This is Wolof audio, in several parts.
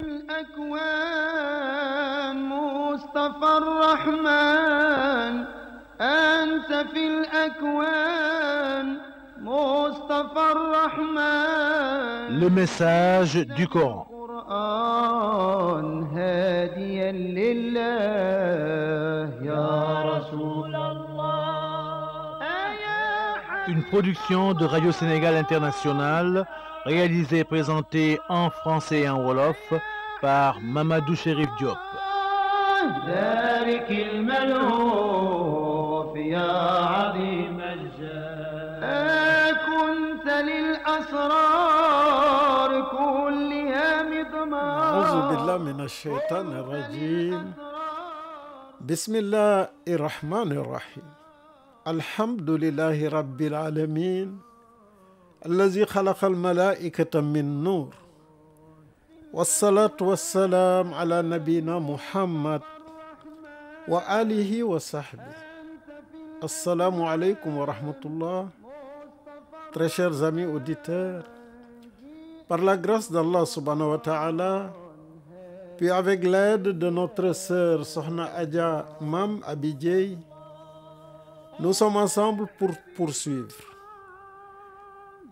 الأكوان مصطفى الرحمن أنت في الأكوان مصطفى الرحمن Le message du Coran هادي une production de Radio Sénégal International, réalisée et présentée en français et en wolof par Mamadou Chérif Diop. أعوذ بالله من الشيطان الرجيم بسم الله الرحمن الرحيم الحمد لله رب العالمين الذي خلق الملائكة من نور والصلاة والسلام على نبينا محمد وآله وصحبه السلام عليكم ورحمة الله Très chers amis auditeurs, par la grâce d'Allah subhanahu wa ta'ala, puis avec l'aide de notre sœur Sohna Adja Mam Abidjei, Nous sommes ensemble pour poursuivre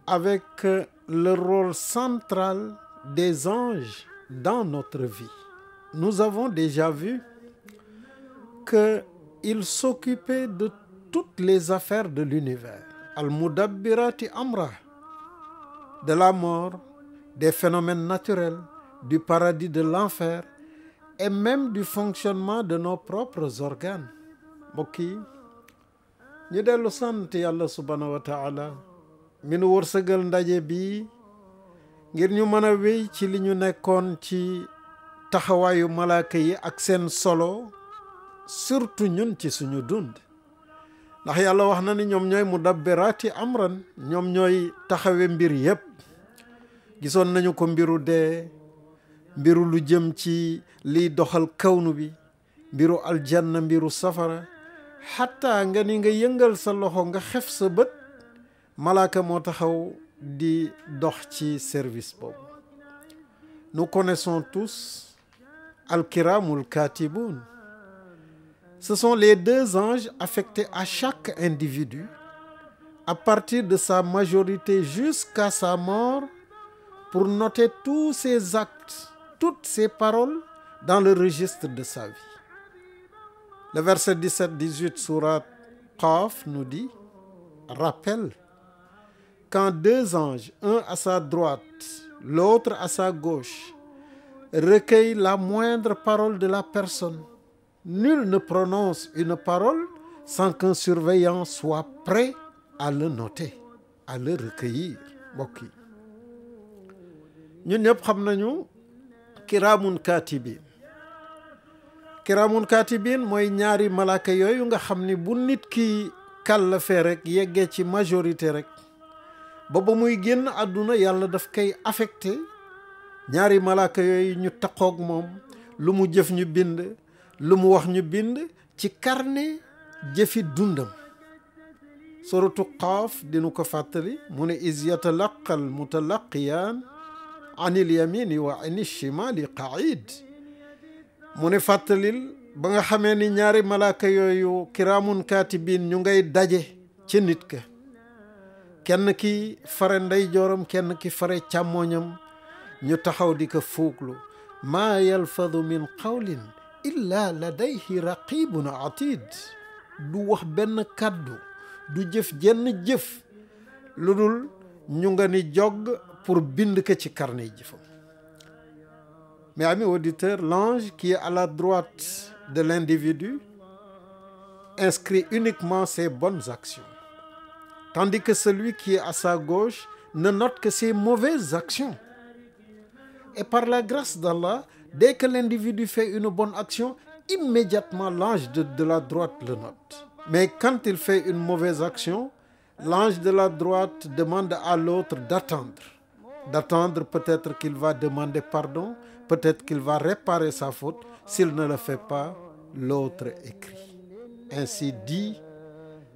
avec euh, le rôle central des anges dans notre vie. Nous avons déjà vu qu'ils s'occupaient de toutes les affaires de l'univers. Al-Mudabbirati Amra, de la mort, des phénomènes naturels, du paradis de l'enfer et même du fonctionnement de nos propres organes. mbokk ñu dellu sant yàlla subhaanahu wa taala mi nu wërsëgal ndaje bi ngir ñu mën a wéy ci li ñu nekkoon ci taxawaayu malaaka yi ak seen solo surtout ñun ci suñu dund ndax yàlla wax na ni ñoom ñooy mudabbiraati amran ñoom ñooy taxawe mbir yépp gisoon nañu ko mbiru dee mbiru lu jëm ci liy doxal kawnu bi mbiru aljanna mbiru safara xataa nga ni nga yëngal sa loxo nga xef sa bët malaaka moo taxaw di dox ci service boobu nous connaissons tous al-kiramul katiboun ce sont les deux anges affectés à chaque individu à partir de sa majorité jusqu'à sa mort pour noter tous ses actes toutes ses paroles dans le registre de sa vie Le verset 17-18 sourate Qaf nous dit, rappelle quand deux anges, un à sa droite, l'autre à sa gauche, recueillent la moindre parole de la personne, nul ne prononce une parole sans qu'un surveillant soit prêt à le noter, à le recueillir mbokk yi ñun ñëpp xam nañu kiraamun kaatibiin kiraamun kaatibin mooy ñaari malaaka yooyu nga xam ni bu nit ki kàllafee rek yeggee ci majorité rek ba muy génn àdduna yàlla daf kay affecté ñaari malaaka yooyu ñu taqoog moom lu mu jëf ñu bind lu mu wax ñu bind ci carnet jëfi dundam suratu qaaf dinu ko fàttali mu ne is yatalaqal mutalaqiyaan an yamini wa an il shimali mu ne fàttalil ba nga xamee ni ñaari malaaka yooyu kiraamun kaatibiin ñu ngay daje ci nit ka kenn ki fare ndeyjooram kenn ki fare càmmooñam ñu taxaw di ko fuuglu maa yalfadu min qawlin illa ladayhi raqibun atid du wax benn kàddu du jëf jenn jëf lu dul ñu nga ni jog pour bind ko ci carnet jëfam mais ami auditeurs, l'ange qui est à la droite de l'individu inscrit uniquement ses bonnes actions, tandis que celui qui est à sa gauche ne note que ses mauvaises actions. Et par la grâce d'Allah, dès que l'individu fait une bonne action, immédiatement l'ange de, de la droite le note. Mais quand il fait une mauvaise action, l'ange de la droite demande à l'autre d'attendre. D'attendre peut-être qu'il va demander pardon Peut-être qu'il va réparer sa faute. S'il ne le fait pas, l'autre écrit. Ainsi dit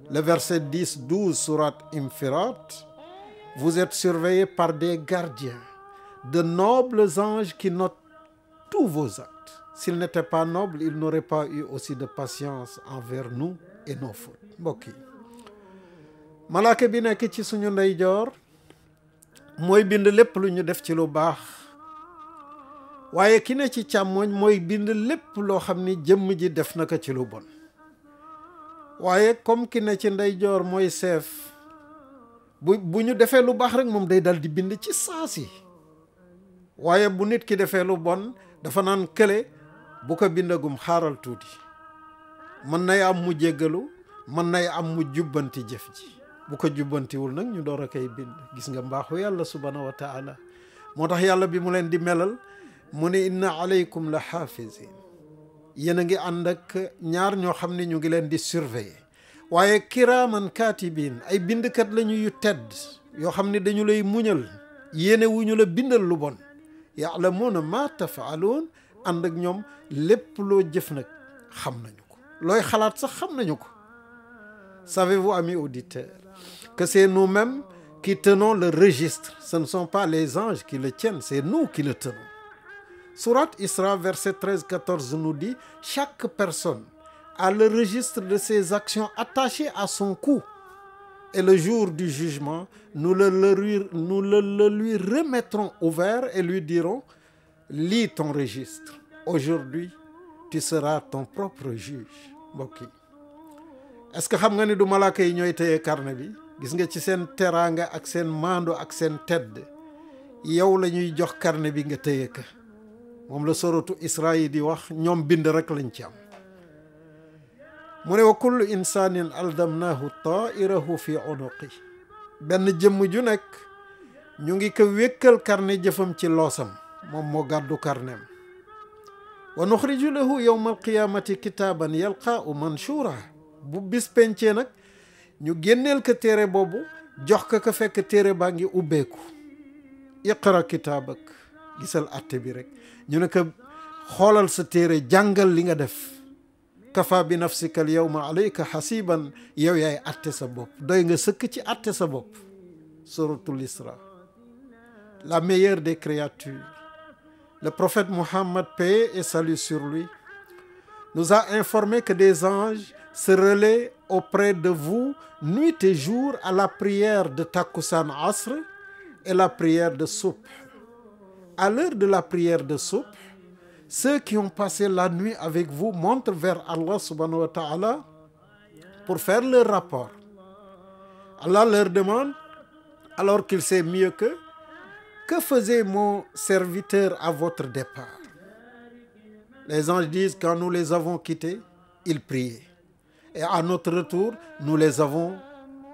le verset 10, 12, sourate Infirat. Vous êtes surveillés par des gardiens, de nobles anges qui notent tous vos actes. S'ils n'étaient pas nobles, ils n'auraient pas eu aussi de patience envers nous et nos fautes. mbokk yi malaaka bi nekk ci suñu ndeyjoor mooy bind lépp ci lu baax waaye ki ne ci càmmoñ mooy bind lépp loo xam ni jëmm ji def na ko ci lu bon waaye comme ki ne ci ndeyjoor mooy seef bu bu ñu defee lu baax rek moom day dal di bind ci si waaye bu nit ki defee lu bon dafa naan kële bu ko bindagum xaaral tuuti mën nay am mu jéggalu mën nay am mu jubbanti jëf ji bu ko jubbantiwul nag ñu door a koy bind gis nga mbaaxu yàlla subhaanahu wa taala moo tax yàlla bi mu leen di melal mu ne inna aleykum la xaafisin yéen a ngi ànd ak ñaar ñoo xam ne ñu ngi leen di surveiller waaye kiraaman kaatibin ay bindkat lañu yu tedd yoo xam ne dañu lay muñal yéene wu ñu la bindal lu bon yaalamuuna ma tafaaloon ànd ak ñoom lépp loo jëf nag xam nañu ko looy xalaat sax xam nañu ko savez-vous amis auditeur que see nous-mêmes qui tenons le registre ce ne sont pas les anges qui le tiennent c'est nous qui Surat Isra, verset 13-14 nous dit, chaque personne a le registre de ses actions attachées à son cou. Et le jour du jugement, nous le, le lui, nous le, le lui remettrons ouvert et lui dirons, lis ton registre. Aujourd'hui, tu seras ton propre juge. mbokk est-ce que xam nga ni du malaaka yi ñooy téye carnet bi gis nga ci seen teraanga ak seen mando ak seen tedd yow la ñuy jox carnet bi nga téye ka moom la soratu yi di wax ñoom bind rek lañu ci am mu ne wa kullu insanin aldamnaahu taairahu fi unuqi benn jëmm ju nekk ñu ngi ko wékkal carnet jëfam ci loosam moom moo gàddu carneem wa nuxriju lahu yowma alqiyaamati kitaaban yalqaahu manshura bu bis nag ñu génneel ko téere boobu jox ko ko fekk téere baa ngi ubbeeku iqra kitaabak gisal atte bi rek ñu ne ko xoolal sa téere jàngal li nga def kafa bi nafsika al yawma alayka xasiban yow yaay atte sa bopp doy nga sëkk ci atte sa bopp suratul isra la meilleure des créatures le prophète Mohammed paix et salut sur lui nous a informé que des anges se relaient auprès de vous nuit et jour à la prière de takusan asr et la prière de soubh à l'heure de la prière de soubh ceux qui ont passé la nuit avec vous montrent vers Allah subhanahu wa ta'ala pour faire leur rapport Allah leur demande alors qu'il sait mieux qu'eux que faisait mon serviteur à votre départ les anges disent quand nous les avons quittés ils priaient et à notre retour nous les avons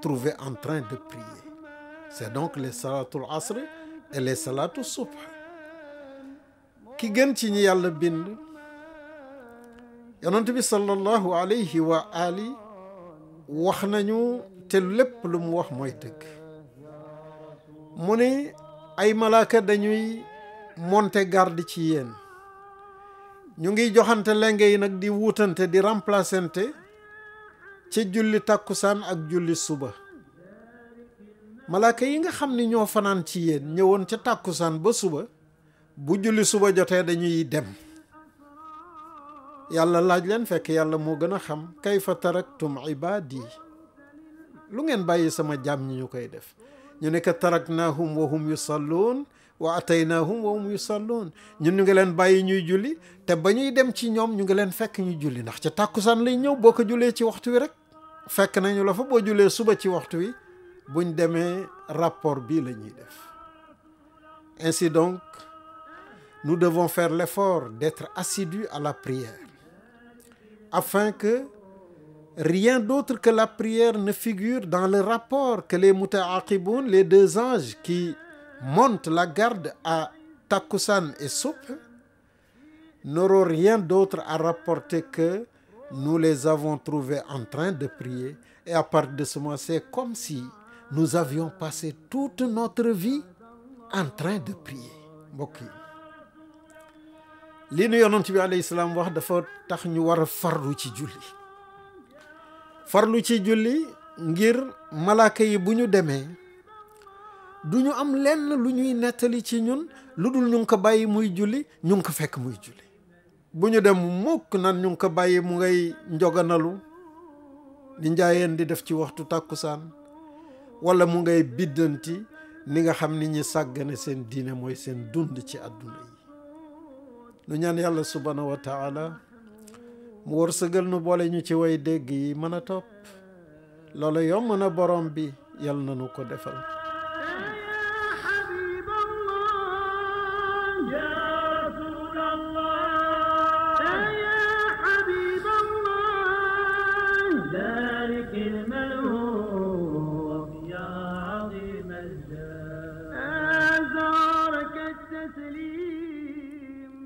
trouvés en train de prier c'est donc les salatul asr et les salatul subh ki gën ci ñu yàlla bind yonent bi sallallahu alayhi wa ali wax nañu te lépp lu mu wax mooy dëgg mu ni ay malaaka dañuy monter garde ci yéen ñu ngiy joxante lenge yi nag di wuutante di remplacente ci julli tàkkusaan ak julli suba malaaka yi nga xam ni ñoo fanaan ci yéen ñëwoon ca tàkkusaan ba suba bu julli suba jotee dañuy dem yàlla laaj leen fekk yàlla moo gën a xam kayfa taraktum ibaadi lu ngeen bàyyi sama jaam ñi ñu koy def ñu ne ka taraknaahum wa hum yusalluun wa ataynaahum wa hum yusalluun ñun ñu ngi leen bàyyi ñuy julli te ba ñuy dem ci ñoom ñu ngi leen fekk ñu julli ndax ca tàkkusaan lay ñëw boo ko jullee ci waxtu wi rek fekk nañu la fa boo jullee suba ci waxtu wi buñ demee rapport bii lañuy ñuy def ainsi donc nous devons faire l'effort d'être assidus à la prière, afin que rien d'autre que la prière ne figure dans le rapport que les muta'aqiboun, les deux anges qui montent la garde à Takusan et Soup, n'auront rien d'autre à rapporter que nous les avons trouvés en train de prier. Et à partir de ce moment, c'est comme si nous avions passé toute notre vie en train de prier li nu yonent bi alayhi salaam wax dafa tax ñu war a farlu ci julli farlu ci julli ngir malaaka yi bu ñu demee du ñu am lenn lu ñuy nettali ci ñun lu dul ñu ngi ko bàyyi muy julli ñu ngi ko fekk muy julli bu ñu dem mukk nan ñu ngi ko bàyyi mu ngay njoganalu di njaayeen di def ci waxtu tàkkusaan wala mu ngay biddanti ni nga xam ni ñi sàggane seen diine mooy seen dund ci àdduna yi lu ñaan yàlla subhanahu wa taala mu wërsëgal nu boole ñu ci woy dégg yi mën a topp loola yomb na borom bi yàlla na nu ko defal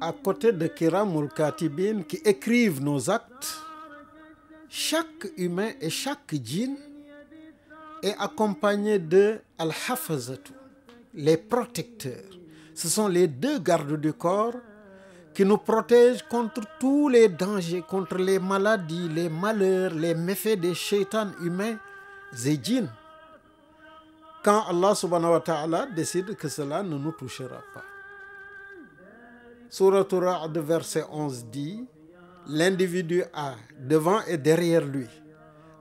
à côté de Kiram Moulkatibine qui écrivent chaque humain et chaque djinn est accompagné les deux gardes du corps qui nous contre tous les dangers, contre les maladies, les malheurs, les méfaits des shaytans humains et djinns. Quand Allah subhanahu wa décide que cela ne nous touchera pas. Sourate Ra'd verset 11 dit l'individu a devant et derrière lui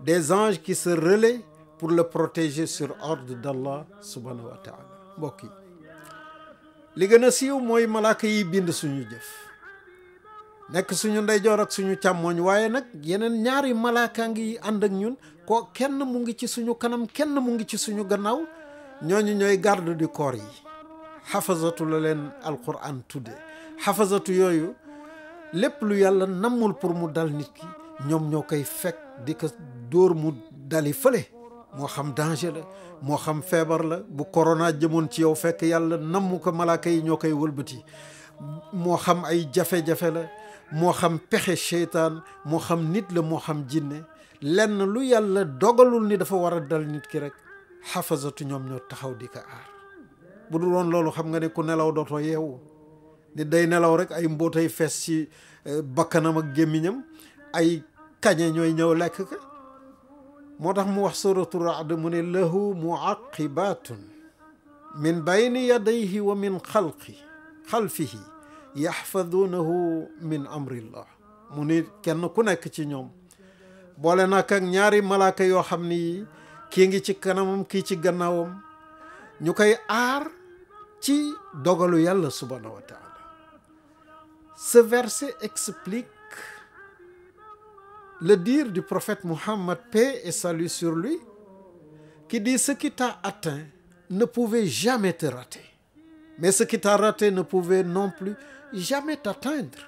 des anges ki se relaient pour le protéger sur ordre d'Allah subhanahu wa ta'ala mbokk yi li gën a siiw mooy malaaka yi bind suñu jëf nekk suñu ndeyjoor ak suñu càmmooñ waaye nag yeneen ñaari malaaka ngi ànd ak ñun ko kenn mu ngi ci suñu kanam kenn mu ngi ci suñu gannaaw ñooñu ñooy garde du corps yi xafasatu la leen alquran tudde xafasatu yooyu lépp lu yàlla nammul pour mu dal nit ki ñoom ñoo koy fekk di ko dóor mu dali fële moo xam dange la moo xam feebar la bu corona jëmoon ci yow fekk yàlla namm ko malaaka yi ñoo koy wëlbati moo xam ay jafe-jafe la moo xam pexe seytaan moo xam nit la moo xam jinne lenn lu yàlla dogalul ni dafa war a dal nit ki rek xafasatu ñoom ñoo taxaw di ko aar bu dul woon loolu xam nga ne ku nelaw dootoo yeewu di day nelaw rek ay mbóotay fees ci eh, bakkanam ak gémmiñam ay kañe ñooy ñëw lekk ka moo tax mu wax suratu raad mu ne lahu muaqibatun min bayni yadayhi wa min xalqi xalfihi yaxfadunahu min amrillah mu ni kenn ku nekk ci ñoom boole nak ak ñaari malaaka yoo xam ni kii ngi ci kanamam kii ci gannaawam ñu koy aar ci dogalu yàlla subhanahu wa Ce verset explique le dire du prophète Mohammed, paix et salut sur lui, qui dit ce qui t'a atteint ne pouvait jamais te rater. Mais ce qui t'a raté ne pouvait non plus jamais t'atteindre.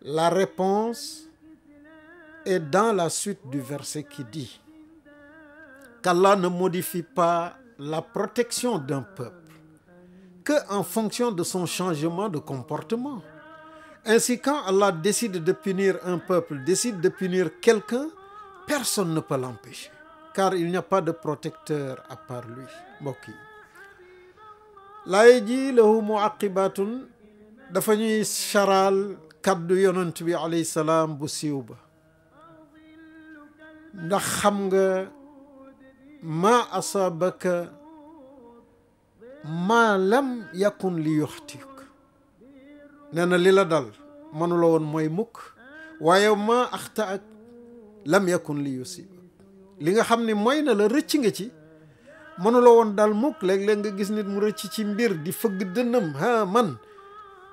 La réponse est dans la suite du verset qui dit qu'Allah ne modifie pas la protection d'un peuple que en fonction de son changement de comportement. Ainsi, quand Allah décide de punir un peuple, décide de punir quelqu'un, personne ne peut l'empêcher, car il n'y a pas de protecteur à part lui. mbokk yi laa ji lahu muaqibatun dafa ñuy saraal kaddu yonent bi alayhi salaam bu siiw ba ndax xam nga ma asabaka maa lam yakun li yuxtik nee na li la dal mënula woon mooy mukk waaye maa axta ak lam yakun li yusiba li nga xam ne mooy na la rëcc nga ci mënula woon dal mukk léeg-léeg nga gis nit mu rëcc ci mbir di fëgg dënnam ha man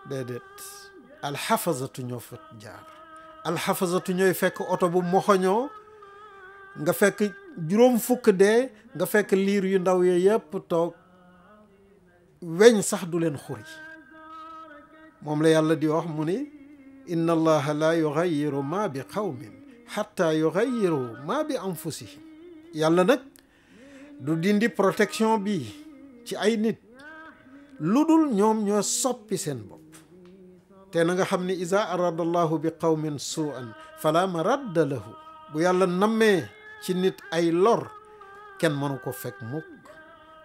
déedéet alxafazatu ñoo fa jaar alxafazatu ñooy fekk oto bu moxoñoo nga fekk juróom fukk dee nga fekk liir yu ndaw yee yëpp toog weñ sax du leen xuri moom la yàlla di wax mu ni inna allaha la yugayiru ma bi qawmin xatta yugayiru ma bi anfusihim yàlla nag du dindi protection bi ci ay nit lu dul ñoom ñoo soppi seen bopp te na nga xam ni isa arada allahu bi qawmin suan fala maradda bu yàlla nammee ci nit ay lor kenn mënu ko fekk mukk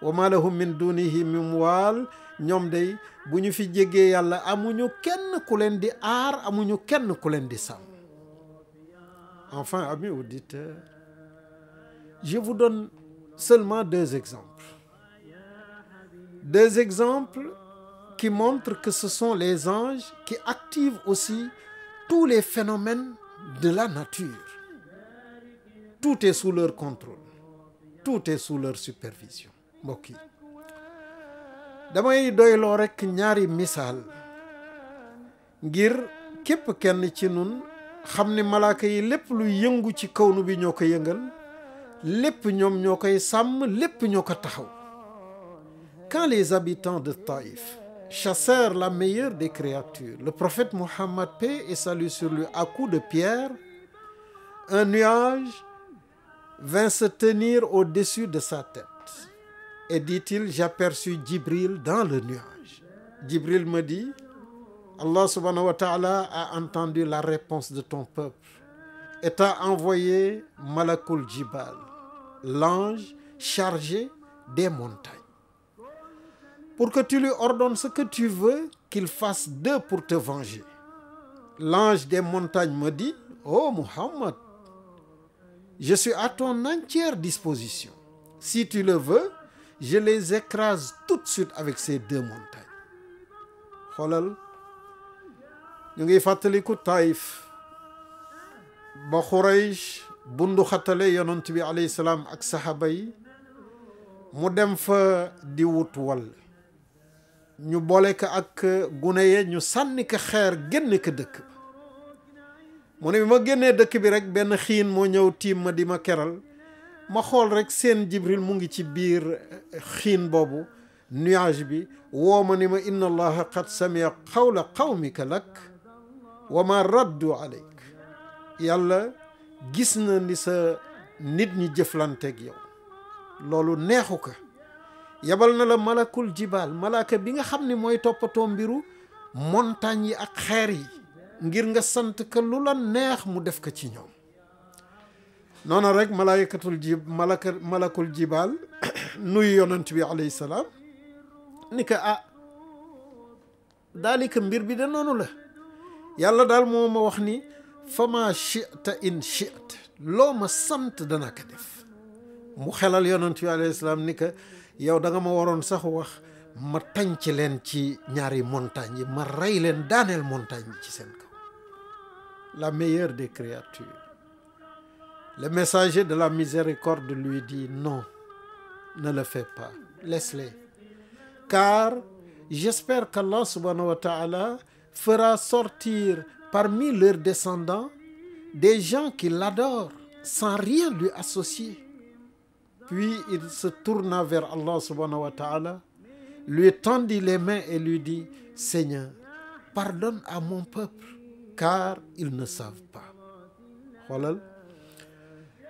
wa ma lahum min dunihi min waal ñoom day bu ñu fi jéggee yàlla amuñu kenn ku leen di aar amuñu kenn ku leen di sàmm enfin amis auditeurs je vous donne seulement deux exemples deux exemples qui montrent que ce sont les anges qui activent aussi tous les phénomènes de la nature tout est sous leur contrôle tout est sous leur supervision mbokk yi damay doyloo rekk ñaari misaal ngir képp kenn ci nun xam ni malaaka yi lépp lu yëngu ci kaw nu bi ñoo ko yëngal lépp ñoom ñoo koy sàmm lépp ñoo ko taxaw quand les habitants de Taïf chassèrent la meilleure des créatures le prophète Mohammed paix et salut sur lui à de pierre un nuage vint se tenir au-dessus de sa Et dit-il, j'aperçus Djibril dans le nuage. Djibril me dit, Allah subhanahu wa ta'ala a entendu la réponse de ton peuple et t'a envoyé Malakul Jibal, l'ange chargé des montagnes, pour que tu lui ordonnes ce que tu veux qu'il fasse d'eux pour te venger. L'ange des montagnes me dit, ô oh Muhammad, je suis à ton entière disposition. Si tu le veux, je les écrase tout de suite avec ces deux montagnes xoolal ñu ngi fàttaliku Taïf ba Xuraysh bundu xatale yonent bi alayhi salaam ak saxaaba yi mu dem fa di wut wàll ñu boole ko ak gune ye ñu sànni ko xeer génne ko dëkk ba mu ne bi ma génnee dëkk bi rek benn xiin moo ñëw tiim ma di ma keral ma xool rek seen jibril mu ngi ci biir eh, xiin boobu nuage bi woo ma ni ma inna allaha qad samia qawla qawmika lak wa ma raddu aleyk yàlla gis na ni sa nit ñi jëflanteek yow loolu neexu ka yabal na la malakul jibaal malaka bi nga xam ni mooy toppatoo mbiru montagne yi ak xeer yi ngir nga sant ka lu la neex mu def ko ci ñoom noona rek malaaykatul jib malaka malakul jibaal nuyu yonent bi alayhi salaam ni ko ah daalika mbir bi de noonu la yàlla daal moo ma wax ni fa ma chita in chit loo ma sant dana ko def mu xelal yonent bi alayhi salaam ni ko yow da nga ma waroon sax wax ma tànc leen ci ñaari montagne yi ma rey leen daaneel montagne bi ci seen kaw la meilleure des créatures Le messager de la miséricorde lui dit, non, ne le fais pas, laisse-les. Car j'espère qu'Allah subhanahu wa fera sortir parmi leurs descendants des gens qui l'adorent sans rien lui associer. Puis il se tourna vers Allah subhanahu wa lui tendit les mains et lui dit, Seigneur, pardonne à mon peuple, car ils ne savent pas.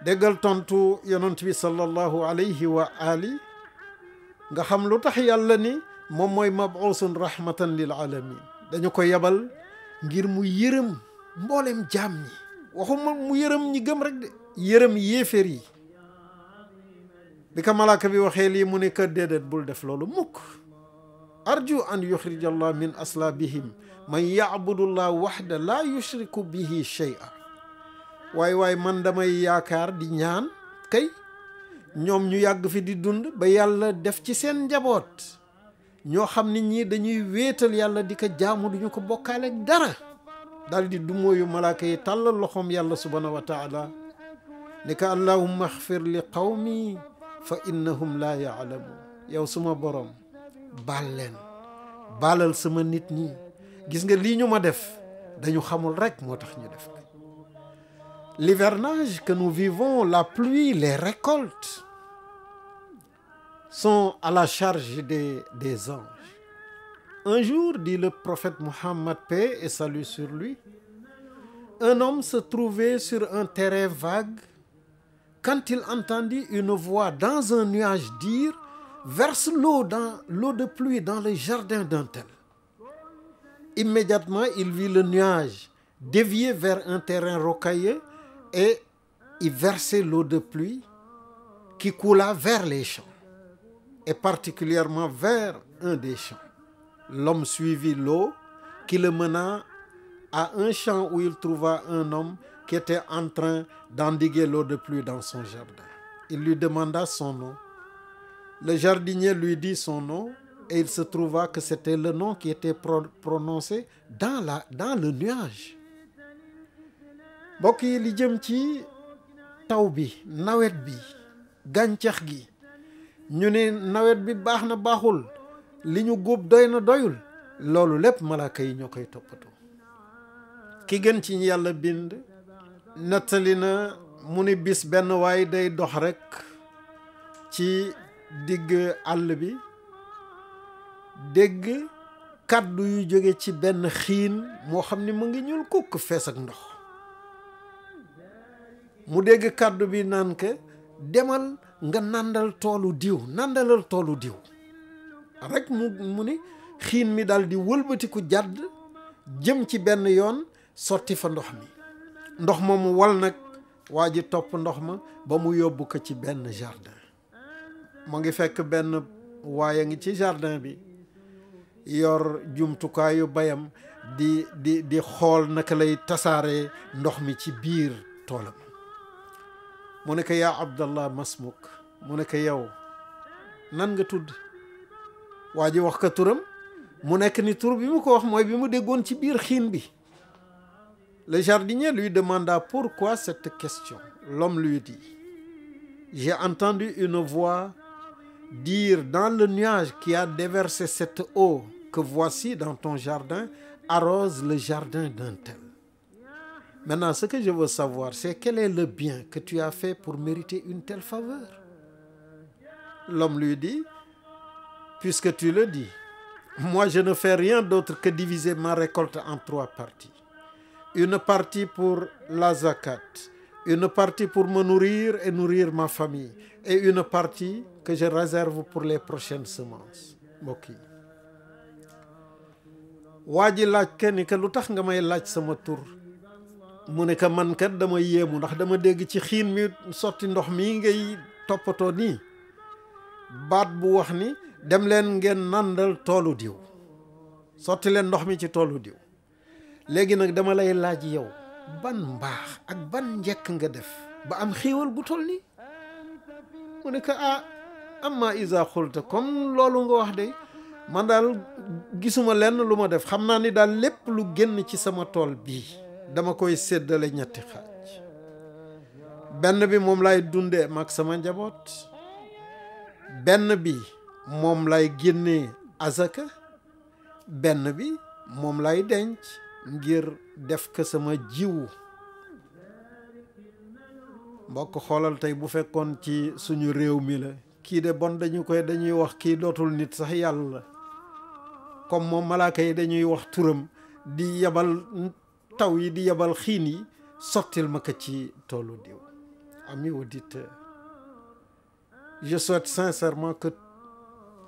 déggal tontu yonent bi sallallahu alayhi wa ali nga xam lu tax yàlla ni moom mooy mabuusun rahmatan lil alamin dañu koy yebal ngir mu yërëm mboolem jaam ñi waxuma mu yërëm ñi gëm rek de yërëm yéeféer yi bi ko bi waxee lii mu ne kër déedéet bul def loolu mukk arju an yuxrij allah min aslaabihim man yacbudu llah waxda laa yushriku bihi shay'a waay waaye man damay yaakaar di ñaan kay ñoom ñu yàgg fi di dund ba yàlla def ci seen njaboot ñoo xam ne ñii dañuy wéetal yàlla di ko jaamu duñu ko bokkaale dara daldi di dumóoyu malaaka yi tàllal loxoom yàlla subhaanahu wa ne ka allahumma axfir li qawmi fa innahum laa yaalamuun yow suma borom baal leen baalal sama nit ñi gis nga lii ñu ma def dañu xamul rekk moo tax ñu def l'hivernage que nous vivons, la pluie, les récoltes sont à la charge des, des anges. Un jour, dit le prophète Mohammed, paix et salut sur lui, un homme se trouvait sur un terrain vague quand il entendit une voix dans un nuage dire verse l'eau dans de pluie dans le jardin d'un tel. Immédiatement, il vit le nuage dévié vers un terrain rocailleux et y l'eau de pluie qui coula vers les champs, et particulièrement vers un des champs. L'homme suivit l'eau qui le mena à un champ où il trouva un homme qui était en train d'endiguer l'eau de pluie dans son jardin. Il lui demanda son nom. Le jardinier lui dit son nom et il se trouva que c'était le nom qui était prononcé dans la, dans le nuage. mbokk yi li jëm ci taw bi nawet bi gàncax gi ñu ne nawet bi baax na baaxul li ñu góob doy na doyul loolu lépp malaaka yi ñoo koy toppatoo ki gën ci yàlla bind nettali na mu ni bis benn waay day dox rekk ci digg àll bi dégg kàddu yu jóge ci benn xiin moo xam ni mu ngi ñuul kukk fees ak ndox mu dégg kàddu bi naan que demal nga nàndal toolu diw nàndalal toolu diw rek mu mu ni xiin mi dal di wëlbatiku jàdd jëm ci benn yoon sotti fa ndox mi ndox moomu wal nag waa ji topp ndox ma ba mu yóbbu ko ci benn jardin mu ngi fekk benn waaye ngi ci jardin bi yor jumtukaayu bayam di di di xool naka lay tasaare ndox mi ci biir toolam mu ne ko yaa abdallah masmuk mu ne ko yow nan nga tudd waa ji wax ko turam mu nekk ni tur bi mu ko wax mooy bi mu déggoon ci biir xiin bi le jardinier lui demanda pourquoi cette question l'homme lui dit j'ai entendu une voix dire dans le nuage qui a déversé cette eau que voici dans ton jardin arrose le jardin d'un tel Maintenant, ce que je veux savoir, c'est quel est le bien que tu as fait pour mériter une telle faveur? L'homme lui dit, puisque tu le dis, moi je ne fais rien d'autre que diviser ma récolte en trois parties. Une partie pour la zakat, une partie pour me nourrir et nourrir ma famille, et une partie que je réserve pour les prochaines semences. mbokk yi waa ji laaj kenn lu tax nga may laaj sama tur mu ne ka man dama yéemu ndax dama dégg ci xiin mi sotti ndox mi ngay toppatoo nii baat bu wax ni dem leen ngeen nandal toolu diw sotti leen ndox mi ci toolu diw léegi nag dama lay laaj yow ban mbaax ak ban njekk nga def ba am xiiwal bu toll nii mu ne ko ah amma isa xulta comme loolu nga wax de man daal gisuma lenn lu ma def xam naa ni daal lépp lu génn ci sama tool bii dama koy séddale ñetti xaaj benn bi moom lay dundee mag sama njaboot benn bi moom lay génne azaka benn bi moom lay denc ngir def ko sama jiw mbokk xoolal tey bu fekkoon ci suñu réew mi la kii de bon dañu koy dañuy wax kii dootul nit sax yàlla comme moom malaaka yi dañuy wax turam di yabal taw yi di yebal xiin yi sottil ci toolu diw ami auditeur je souhaite sincèrement que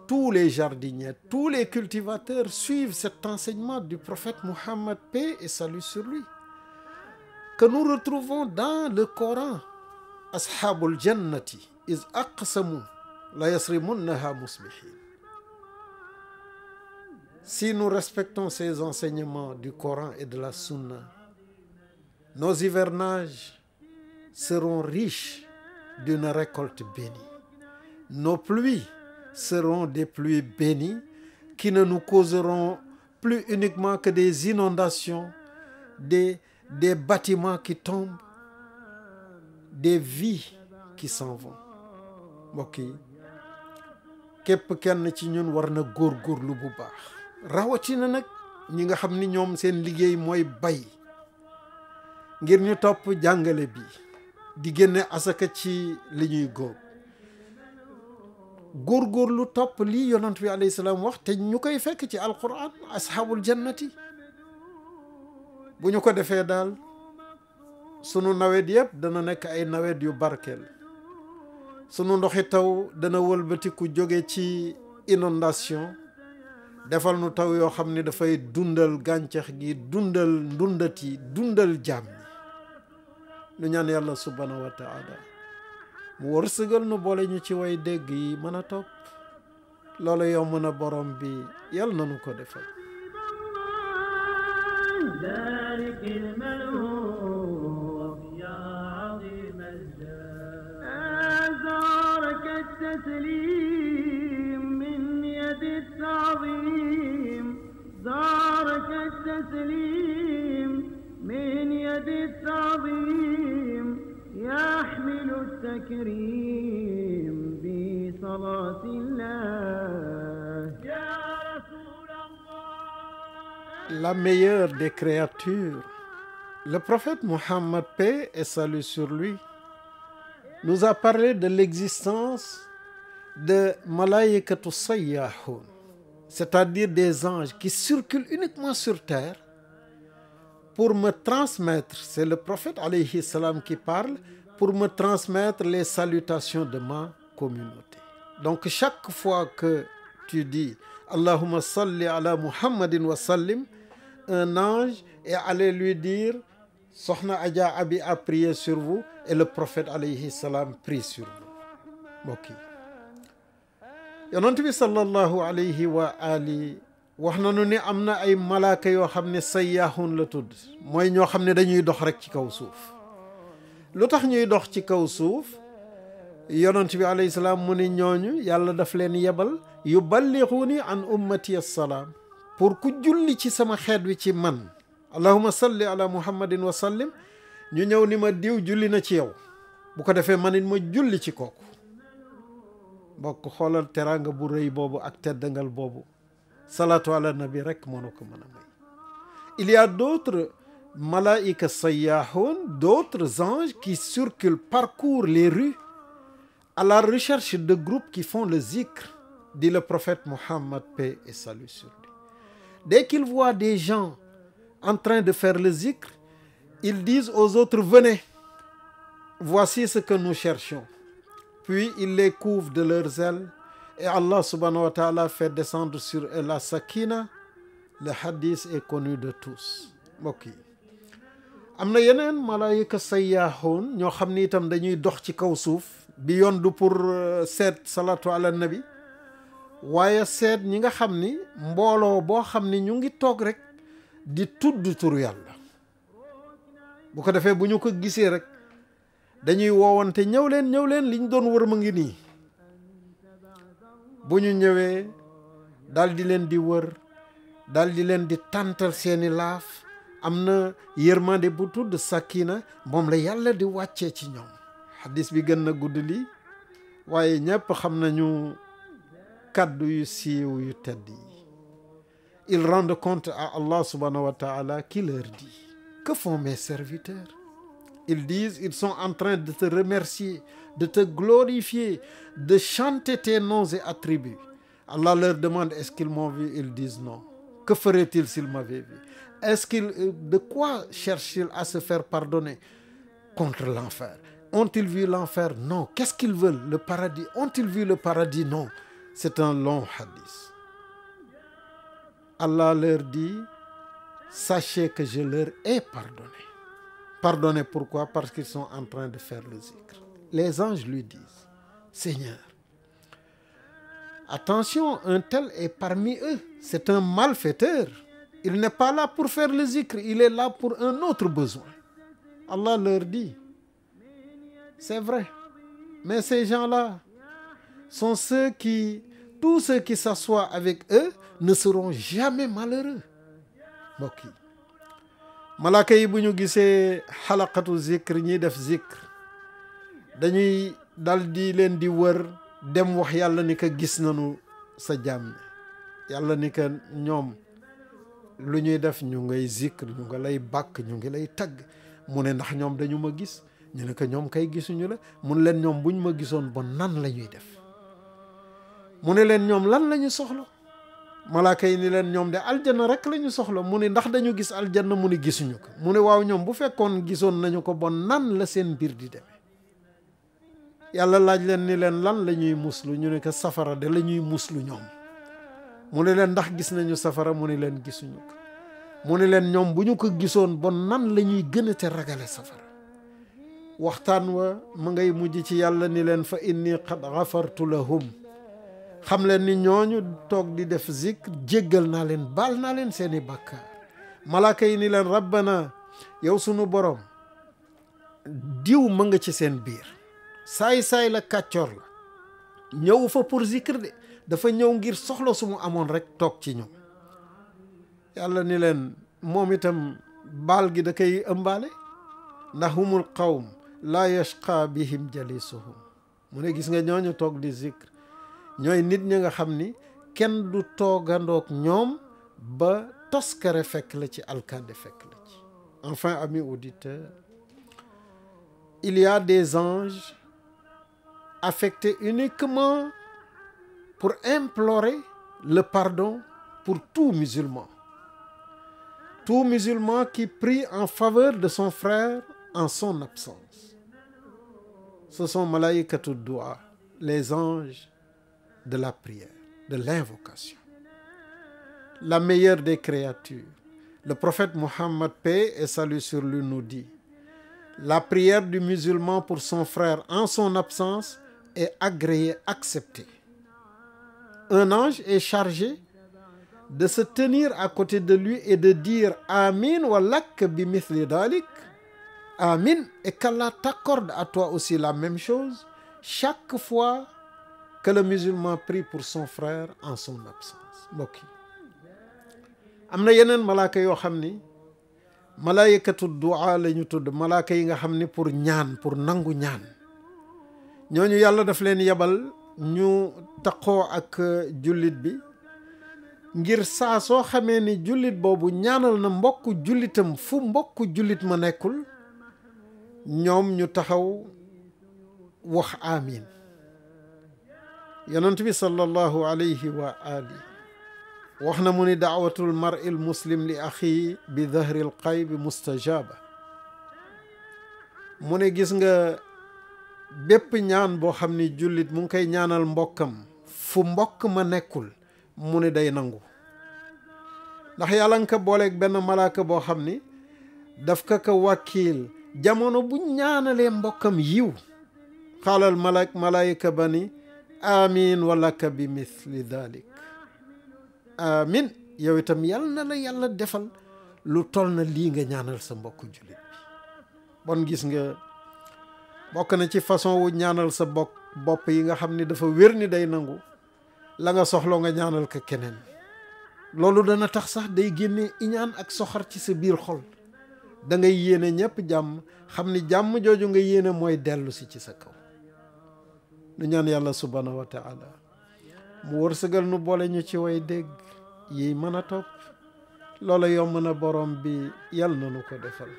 tous les jardiniers tous les cultivateurs suivent cet enseignement du prophète Mohammed paix et salut sur lui que nous retrouvons dans le Coran ashabul jannati iz aqsamu la yasrimunnaha musbihin Si nous respectons ces enseignements du Coran et de la Sunna, nos hivernages seront riches d'une récolte bénie. Nos pluies seront des pluies bénies qui ne nous causeront plus uniquement que des inondations, des, des bâtiments qui tombent, des vies qui s'en vont. mbokk yi képp kenn ci ñun war na góorgóorlu bu baax rawatina nag ñi nga xam ni ñoom seen liggéey mooy bay ngir ñu topp jàngale bi di génne asaka ci li ñuy góob lu topp lii yonant bi alayhi wax te ñu koy fekk ci alquran ashaabul jannati bu ñu ko defee daal sunu nawet yëpp dana nekk ay nawet yu barkeel sunu ndoxi taw dana wëlbatiku jóge ci inondation defal nu taw yoo xam ne dafay dundal gàncax gi dundal ndundat dundal jàmm ñu ñaan yàlla subhanahu wa taala mu wërsëgal nu boole ñu ci way dégg yi mën a topp loolu yomb na borom bi yàlla na nu ko defal ذلك العظيم زارك التسليم من La meilleure des créatures, le prophète Mohammed, paix et salut sur lui, nous a parlé de l'existence de malaïkatu sayyahoun c'est-à-dire des anges qui circulent uniquement sur terre pour me transmettre, c'est le prophète alayhi salam qui parle, pour me transmettre les salutations de ma communauté. Donc chaque fois que tu dis Allahumma salli ala Muhammadin wa sallim, un ange est allé lui dire Sokhna Adja Abi a prié sur vous et le prophète alayhi salam prie sur vous. yonent bi sallallahu alayhi wa ali wax nañu ni am na ay malaaka yoo xam ne sayyaaxuun la tudd mooy ñoo xam ne dañuy dox rek ci kaw suuf lu tax ñuy dox ci kaw suuf yonent bi alayhi salaam mu ni ñooñu yàlla daf leen yebal yuballighuuni an ummati assalaam pour ku julli ci sama xeet wi ci man allahuma salli ala muhammadin wa sallim ñu ñëw ni ma diw julli na ci yow bu ko defee man it ma julli ci kooku mbokk xoolal teraanga bu rëy boobu ak teddangal boobu salaatu ala nabi rek moo nu ko mën a may il y a d'autres malaïka sayyahoun d'autres anges qui circulent parcourent les rues à la recherche de groupes qui font le zikr dit le prophète Mohammed paix et salut sur lui dès qu'ils voient des gens en train de faire le zikr ils disent aux autres venez voici ce que nous cherchons Puis il les couvre de leurs ailes et Allah subhanahu wa ta'ala fait descendre sur eux la sakina le hadith est connu de tous mbokk yi am na yeneen malaayika sayyaahoon ñoo xam ni itam dañuy dox ci kaw suuf bi yoon du pour euh, seet salatu ala nabi waaye seet ñi nga xam ni mbooloo boo xam ni ñu ngi toog rek di tudd turu yàlla bu ko defee bu ñu ko gisee rek dañuy woowante ñëw leen ñëw leen liñ doon wër ma ngi nii bu ñu ñëwee daldi leen di wër daldi leen di tàntal seeni laaf am na yërmande bu tudd sakkina moom la yàlla di wàccee ci ñoom xadis bi gën na gudd li waaye ñëpp xam nañu kàddu yu siiw yu tedd yi ils rendent compte à Allah subhanahu wa ta'ala qui leur dit Ils disent, ils sont en train de te remercier, de te glorifier, de chanter tes noms et attributs. Allah leur demande, est-ce qu'ils m'ont vu? Ils disent non. Que ferait-il s'il m'avait vu? Est-ce qu'il, euh, de quoi cherche-t-il à se faire pardonner contre l'enfer? Ont-ils vu l'enfer? Non. Qu'est-ce qu'ils veulent? Le paradis. Ont-ils vu le paradis? Non. C'est un long hadith. Allah leur dit, sachez que je leur ai pardonné. Pardonner pourquoi? Parce qu'ils sont en train de faire le zikr. Les anges lui disent, Seigneur, attention, un tel est parmi eux, c'est un malfaiteur. Il n'est pas là pour faire le zikr, il est là pour un autre besoin. Allah leur dit, c'est vrai, mais ces gens-là sont ceux qui, tous ceux qui s'assoient avec eux ne seront jamais malheureux. Mbokk yi malaaka yi bu ñu gisee xalaqatu zikr ñiy def zikr dañuy dal di leen di wër dem wax yàlla ni ko gis nañu sa jàmm yàlla ni ko ñoom lu ñuy def ñu ngay zikr ñu nga lay bàkk ñu ngi lay tagg mu ne ndax ñoom dañu ma gis ñu ne ko ñoom kay gisuñu la mun leen ñoom buñ ma gisoon bon nan la ñuy def mu ne leen ñoom lan la ñu soxla malaaka yi ni leen ñoom de aljanna rek la ñu soxla mu ne ndax dañu gis aljanna mu ne gisuñu ko mu ne waaw ñoom bu fekkoon gisoon nañu ko bon nan la seen mbir di demee yàlla laaj leen ni leen lan la ñuy muslu ñu ne ko safara de lañuy ñuy muslu ñoom mu ne leen ndax gis nañu safara mu ne leen gisuñu ko mu ne leen ñoom bu ñu ko gisoon bon nan la ñuy gën a te ragale safara waxtaan wa mu ngay mujj ci yàlla ni leen fa inni qad xafartu lahum xam leen ni ñooñu toog di def zikr jéggal naa leen baal naa leen seeni bàkkaar malaaka yi ni leen rabbana yow sunu boroom diw ma nga ci seen biir saay-saay la kàccoor la ñëw fa pour zikr de dafa ñëw ngir soxla su mu amoon rek toog ci ñoom yàlla ni leen moom itam baal gi da koy ëmbaale ndax humul qawm laa yashqa bihim jalisuhum mu ne gis nga ñooñu toog di zikr ñooy nit ñi nga xam ni kenn du toogandoog ñoom ba tos toskare fekk la ci alkande fekk la ci enfin amis auditeurs il y a des anges affectés uniquement pour implorer le pardon pour tout musulman tout musulman qui prie en faveur de son frère en son absence ce sont malaïkatu doua les anges de la prière, de l'invocation. La meilleure des créatures. Le prophète Mohammed, paix et salut sur lui, nous dit, la prière du musulman pour son frère en son absence est agréée, acceptée. Un ange est chargé de se tenir à côté de lui et de dire Amin wa lak bi mithli dalik. Amin et qu'Allah t'accorde à toi aussi la même chose chaque fois que le musulman prie pour son frère en son absence mbokk yi am na yeneen malaaka yoo xam ni malaayikatu du'a la ñu tudd malaaka yi nga xam ni pour ñaan pour nangu ñaan ñooñu yàlla daf leen yebal ñu taqoo ak jullit bi ngir saa soo xamee ni jullit boobu ñaanal na mbokk jullitam fu mbokk jullit ma nekkul ñoom ñu taxaw wax amiin yonent bi sallallahu alayhi wa ali wax na mu ni daawatul mar'i l li axi bi dahri l qaybi mustajaaba mu ne gis nga bépp ñaan boo xam ni jullit mu ngi koy ñaanal mbokkam fu mbokk ma nekkul mu ni day nangu ndax yàlla nga benn malaaka boo xam ni daf ka ko wakiil jamono bu ñaanalee mbokkam yiw xaalal malak malaayika ba ni amin walaka bi mithli dalik amin yow itam yal na la yàlla defal lu toll na lii nga ñaanal sa mbokk jullit bi bon gis nga bokk na ci façon wu ñaanal sa bokk bopp yi nga xam ni dafa wér ni day nangu la nga soxloo nga ñaanal ko keneen loolu dana tax sax day génne iñaan ak soxar ci sa biir xol dangay ngay yéene ñëpp jàmm xam ni jàmm jooju nga yéene mooy dellusi ci sa kaw nu ñaan yàlla subhaanahu wa taala mu wërsëgal nu boole ñu ci way dégg yiy mën a topp loola yomb na borom bi yàlla na nu ko defal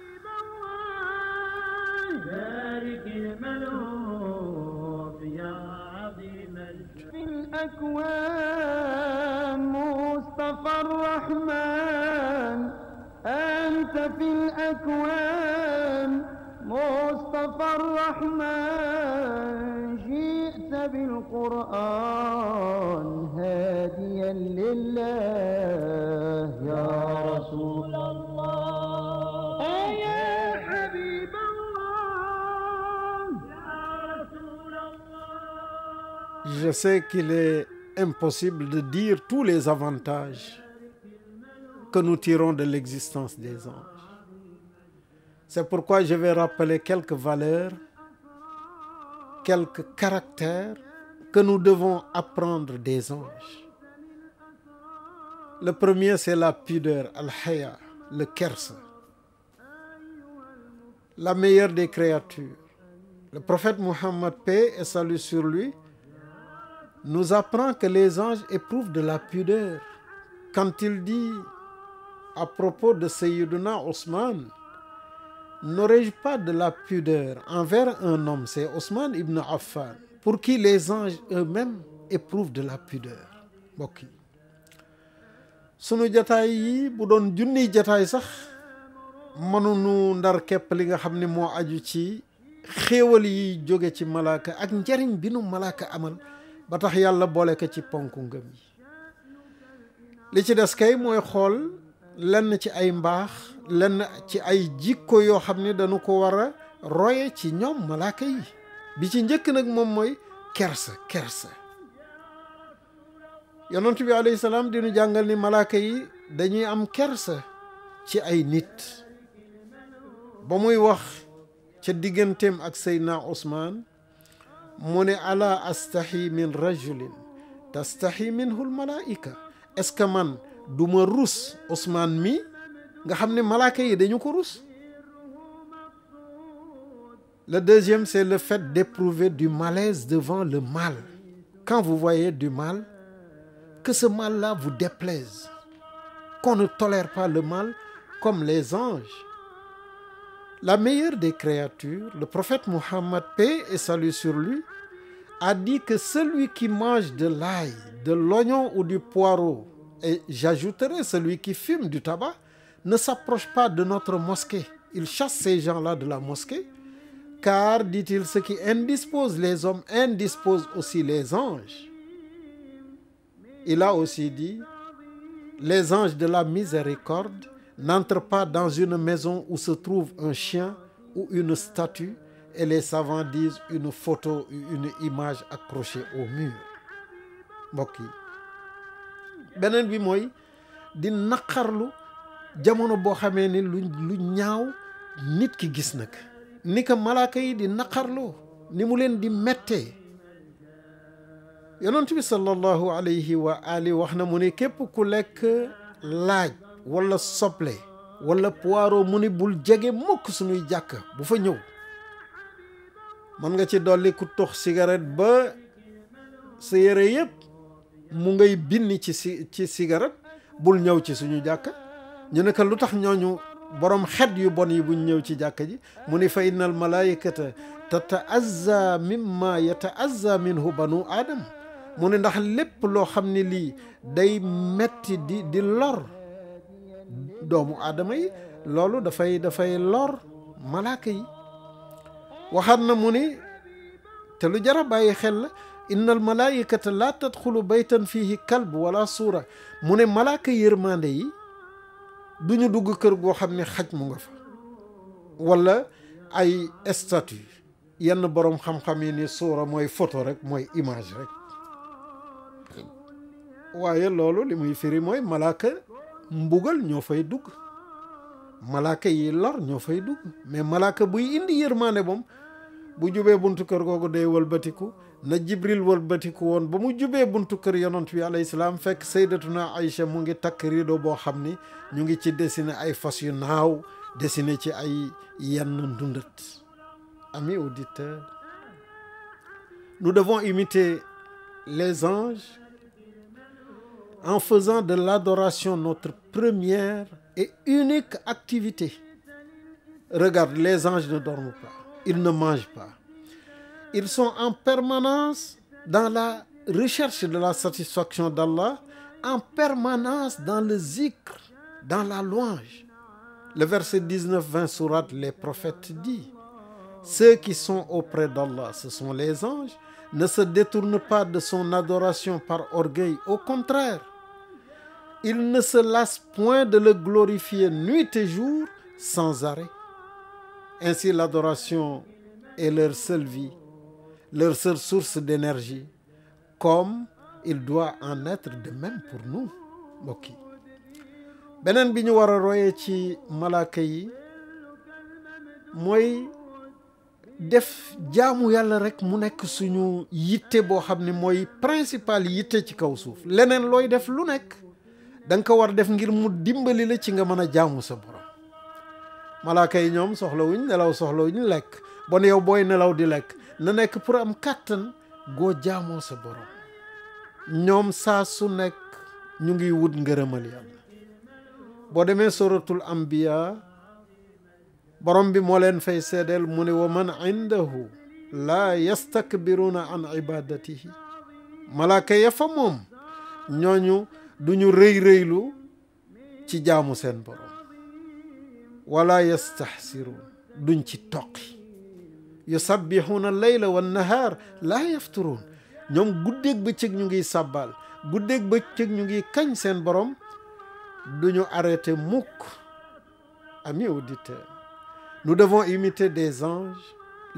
الأكوان مصطفى الرحمن أنت في الأكوان مصطفى الرحمن جئت بالقرآن هاديا لله يا رسول الله يا حبيب الله يا رسول الله Je sais qu'il est impossible de dire tous les avantages que nous tirons de l'existence des anges. C'est pourquoi je vais rappeler quelques valeurs, quelque caractères que nous devons apprendre des anges. Le premier, c'est la pudeur, al le kersa, la meilleure des créatures. Le prophète Muhammad, paix et salut sur lui, nous apprend que les anges éprouvent de la pudeur quand il dit à propos de de Sayyiduna Ousmane n'aurais-je pas de la pudeur envers un homme C'est Ousmane ibn Affan, pour qui les anges eux-mêmes éprouvent de la pudeur mbokk yi sunu jataay yi bu doon junniy jataay sax mënunu ndar képp li nga xam ni moo aju ci xéewal yi jóge ci malaaka ak njariñ bi nu malaaka amal ba tax yàlla boole ko ci ponku ngëm yi li ci des kay mooy xool lenn ci ay mbaax lenn ci ay jikko yoo xam ne dañu ko war a roye ci ñoom malaaka yi bi ci njëkk nag moom mooy kersa kersa yonent bi alayhi salaam dinu jàngal ni malaaka yi dañuy am kersa ci ay nit ba muy wax ca digganteem ak Seydina Ousmane mu ne ala astahi min rajulin tastahi minhu l malaika est-ce que man du ma rus Ousmane mi nga xam ne malaaka yi dañu ko rus le deuxième c'est le fait d'éprouver du malaise devant le mal quand vous voyez du mal que ce mal-là vous déplaise qu'on ne tolère pas le mal comme les anges la meilleure des créatures le prophète Mohammed paix et salut sur lui a dit que celui qui mange de l'ail de l'oignon ou du poireau Et j'ajouterai, celui qui fume du tabac ne s'approche pas de notre mosquée. Il chasse ces gens-là de la mosquée, car, dit-il, ce qui indispose les hommes indispose aussi les anges. Il a aussi dit, les anges de la miséricorde n'entrent pas dans une maison où se trouve un chien ou une statue, et les savants disent une photo ou une image accrochée au mur. yi beneen bi mooy di naqarlu jamono boo xamee ni lu ñaaw nit ki gis nag ni ko malaaka yi di naqarloo ni mu leen di mettee yonent bi sallallahu alayhi wa wax na mu ne képp ku lekk laaj walla soble wala poireau mu ni bul jege mukk suñuy jàkk bu fa ñëw mën nga ci dolli ku tux cigarette ba sa yére yëpp mu ngay binni ci sigara bul ñëw ci suñu jàkka ñu ne lu tax ñooñu borom xet yu bon yi buñ ñëw ci jàkka ji mu ni fay nal al malaikata tataazza mimma yataazza banu aadam mu ne ndax lépp loo xam ne lii day metti di di lor doomu aadama yi loolu dafay dafay lor malaaka yi waxaat na mu ni te lu jara bàyyi xel la inna al malaayikata laa tadxulu baytan fihi kalb wala suura mu ne malaaka yërmande yi du ñu dugg kër goo xam ne xaj mu nga fa walla ay statue yenn boroom xam-xam yi ni suura mooy photo rek mooy image rek waaye loolu li muy firi mooy malaaka mbugal ñoo fay dugg malaaka yi lor ñoo fay dugg mais malaaka buy indi yërmande moom bu jubee buntu kër googu day walbatiku na jibril wëlbatiku woon ba mu jubee buntu kër yonant bi alayhi salaam fekk ay Aïcha mu ngi takk rido boo xam ni ñu ngi ci dessiné ay fas yu naaw dessiné ci ay yenn ndundat amis auditeurs nous devons imiter les anges en faisant de l'adoration notre première et unique activité regarde les anges ne dorment pas ils ne mangent pas Ils sont en permanence dans la recherche de la satisfaction d'Allah, en permanence dans le zikr, dans la louange. Le verset 19-20 sourate Les Prophètes dit: Ceux qui sont auprès d'Allah, ce sont les anges, ne se détournent pas de son adoration par orgueil, au contraire. Ils ne se lassent point de le glorifier nuit et jour sans arrêt. Ainsi l'adoration est leur seule vie. leur seule source d'énergie comme il doit en être de même pour nous mbokk beneen bi ñu war a royee ci malaaka yi mooy def jaamu yàlla rek mu nekk suñu yitte boo xam ni mooy principal yitte ci kaw suuf leneen looy def lu nekk danga ko war def ngir mu dimbali la ci nga mën a jaamu sa borom malaaka yi ñoom soxlawuñ nelaw soxlawuñ lekk bon yow booy nelaw di lekk na nekk pour am kàttan goo jaamoo sa borom ñoom saa su nekk ñu ngi wut ngërëmali yàlla boo demee suratul anbiya borom bi moo leen fay seedeel mu ne wa man indahu laa yastakbiruuna am ibadatihi malaaka ya fa moom ñooñu duñu rëy rëylu ci jaamu seen borom wala yastahsiruun duñ ci toqi yusabbihuna layla wan nahaar laa yafturuun ñoom guddeeg bëccëg ñu ngiy sàbbaal ba bëccëg ñu ngi kañ seen borom duñu arrêté mukk amis auditeurs nous devons imiter des anges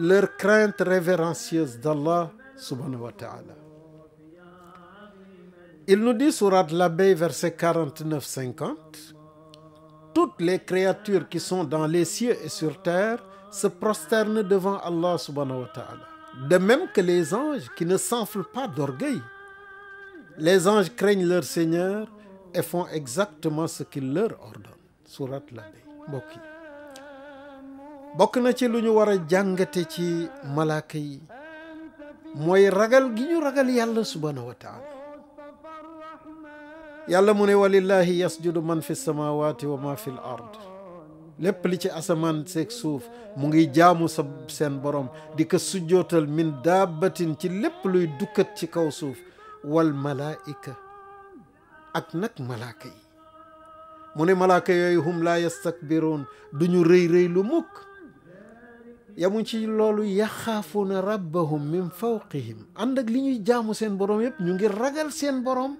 leur crainte révérencieuse d'Allah subhanahu wa ta'ala il nous dit sourate l'abeille verset 49 50 toutes les créatures qui sont dans les cieux et sur terre se prosternent devant Allah subhanahu wa ta'ala. De même que les anges qui ne s'enflent pas d'orgueil. Les anges craignent leur Seigneur et font exactement ce qu'il leur ordonne. Surat Al-Anbiya mbokk bokk na ci lu ñu war a jàngate ci malaaka yi mooy ragal gi ñu ragal yàlla subhanahu wa ta'ala. yàlla mu ne walillahi yasjudu man fi samawati wa ma fi ard lépp li ci asamaan seeg suuf mu ngi jaamu sa seen borom di ko sujjootal min daabatin ci lépp luy dukkat ci kaw suuf wal malaa'ika ak nag malaaka yi mu ne malaaka yooyu hum laa yastakbiroon du ñu rëy rëy lu mukk yamu ci loolu yaxaafuuna rabbahum min fawqihim ànd ak li ñuy jaamu seen borom yëpp ñu ngir ragal seen boroom